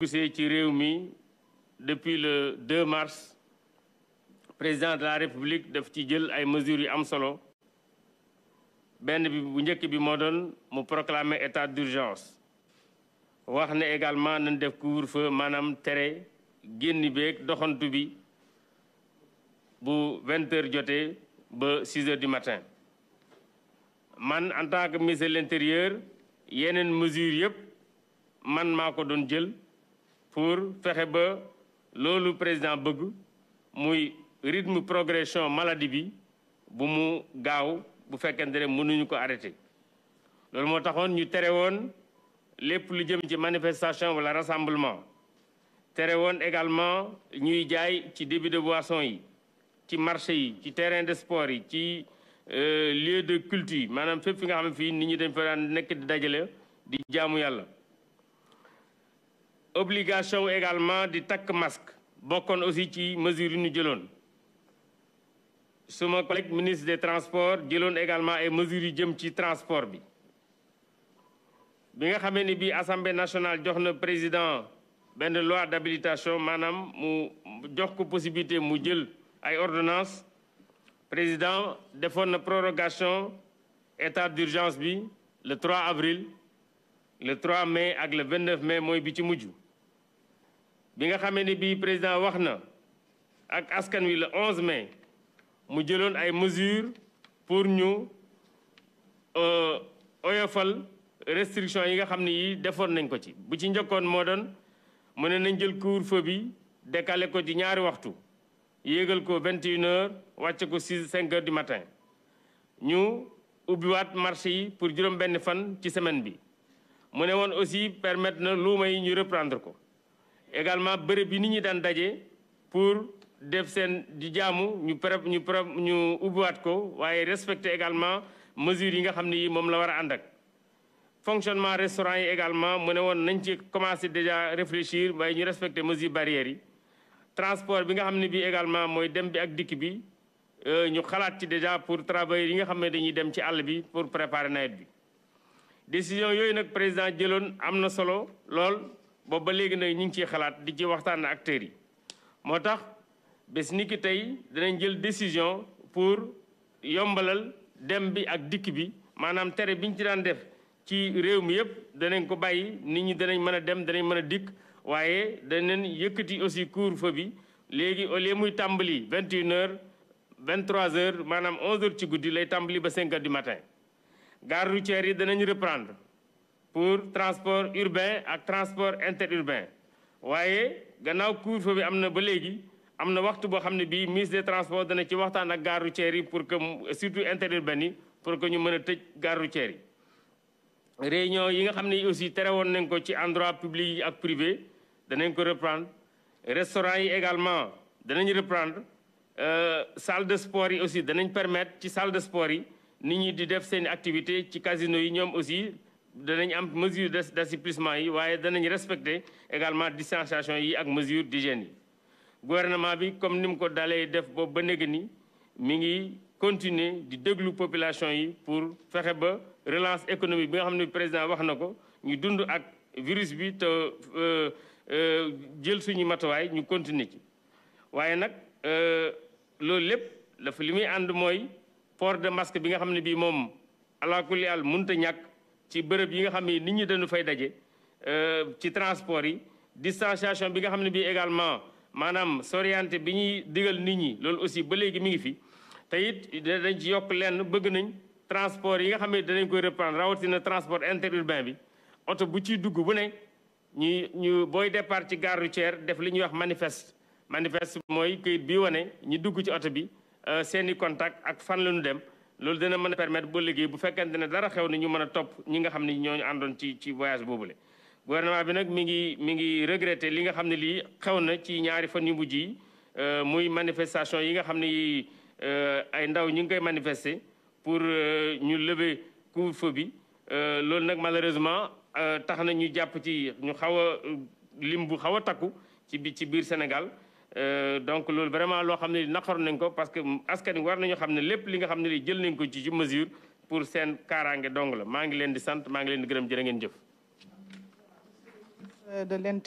gisee ci réew mi depuis le 2 mars président de la république daf ci jël ay mesures yu am solo benn bi bu njëkk bi moo doon mu proclamer état d'urgence wax ne également nañ def couvre-feu maanaam tere génn beeg doxantu bi bu vingt heures jotee ba six heures du matin man en tant que ministre de l'intérieur yeneen mesure yëpp man maa ko doon jël pour fexe ba loolu président bëgg muy rythme progression maladie bi bu mu gaaw bu fekkente ne mënuñu ko arrêté loolu moo taxoon ñu tere woon lépp lu jëm ci manifestation wala rassemblement tere woon également ñuy jaay ci débit de boisson yi ci marché yi ci terrain de sport yi ci euh, lieu de culture maanaam fépp fi nga xam ne fii nit ñi dañ fa daan nekk di dajale di jaamu yàlla obligation également di takk masque bokkoon aussi ci mesure yi ñu jëloon suma collègue ministre des transport jëloon également ay mesures yu jëm ci transport bi bi nga xamee ni bi assemblée national jox na président benn loi d'habilitation maanaam mu jox ko possibilité mu jël ay ordonnance président defoon na prorogation état d'urgence bi le 3 avril le 3 mai ak le 29 mai mooy bi ci mujj bi nga xamee ne bii président wax na ak askan wi la 11 mai mu jëloon ay mesures pour ñu euh, oyofal restriction yi nga xam ne yi defoon nañ ko ci bu ci njëkkoon moo doon mu ne nañ jël couvre-feu bi décalé ko ci ñaari waxtu yéegal ko 21 heures wàcce ko 6 5 heures du matin ñu ubbiwaat marché yi pour juróom benn fan ci semaine bi mu ne woon aussi permettre na luuma yi ñu reprendre ko également bërëb yi nit ñi daan daje pour def seen di jaamu ñu pré ñu pré ñu ubbiwaat ko waaye respecter également mesures yi nga xam ne yi moom la war a ànd ak fonctionnement restaurant yi également mu ne woon nañ ci commencé déjà réfléchir waaye ñu respecter mesures barrières yi transport bi nga xam ne bi également mooy dem bi ak dikk bi euh, ñu xalaat ci déjà pour travailleurs yi nga xam ne dañuy dem ci àll bi pour préparer nawet bi décision yooyu nag président jëloon am na solo lool boobu ba léegi nag ñu ngi ciy xalaat di ci waxtaan ak acteurs yi moo tax bés ni ki tey danañ jël décision pour yombalal dem bi ak dikk bi maanaam tere biñ ci daan def ci réew mi yëpp danañ ko bàyyi nit ñi danañ mën a dem danañ mën a dikk waaye danañ yëkkati aussi cour feu bi léegi au lieu muy tàmbali vingt et une maanaam onze heures ci guddi lay tàmbali ba cinq heures du matin gare routière yi danañu reprendre pour transport urbain ak transport interurbain waaye gannaaw couvre-feu bi am na ba léegi am na waxtu boo xam ne bii ministre des transport dana ci waxtaan ak gare routière yi pour que surtout interurbain yi pour que ñu mën a tëj gare routière yi. réunion yi nga xam ne aussi tere woon nañ ko ci endroit public yi ak privé danañ ko reprendre restaurant yi également danañ reprendre euh, salle de sport yi aussi danañ permettre ci salle de sport yi nit ñi di def danañ am mesure d'assouplissement yi waaye danañ respecter également distanciation yi ak mesure d'hygiène yi gouvernement bi comme ni mu ko dalee def boobu ba néeg ni mi ngi continuer di déglu population yi pour fexe ba relance économie bi nga xam ne président wax na ko ñu dund ak virus bi te euh, euh, jël suñu matuwaay ñu continuer ci waaye nag euh, loolu lépp dafa li muy ànd mooy port de masque bi nga xam ne bii moom alaakulli àll mënut a ñàkk ci bërëb yi nga xam ne nit ñi dañu fay daje euh, ci transport yi distanciation bi nga xam ne bii également maanaam soriante bi ñuy digal nit ñi loolu aussi ba léegi mi ngi fi te it dañ yokk lenn bëgg nañ transport yi nga xam ne danañ koy reprendre rawatina transport interurbain bi oto bu ciy dugg bu ne ñu ñu booy départ ci gare routière def li ñuy wax manifeste manifeste mooy këyit bi wane ñi dugg ci oto bi euh, seeni contact ak fan la ñu dem loolu dana mën a permettre bu liggéey bu fekkente ne dara xew ni ñu mën a topp ñi nga xam ne ñooñu àndoon ci ci voyage boobule. gouvernement bi nag mi ngi mi ngi regretté li nga xam ne lii xew na ci ñaari fan yu mujj yi euh, muy manifestation yi nga xam ne yi euh, ay ndaw ñu ngi koy manifester pour euh, ñu lever couvre-feu bi loolu nag malheureusement tax na ñu jàpp ci ñu xaw a lim bu xaw a takku ci bi ci biir Sénégal. Euh, donc loolu vraiment loo xam ne li naqar nañ ko parce que askan war nañu xam ne lépp li nga xam ne li jël nañ ko ci ci mesure pour seen kaaraange dong la maa ngi leen di sant maa ngi leen di gërëm jërë ngeen jëf euh,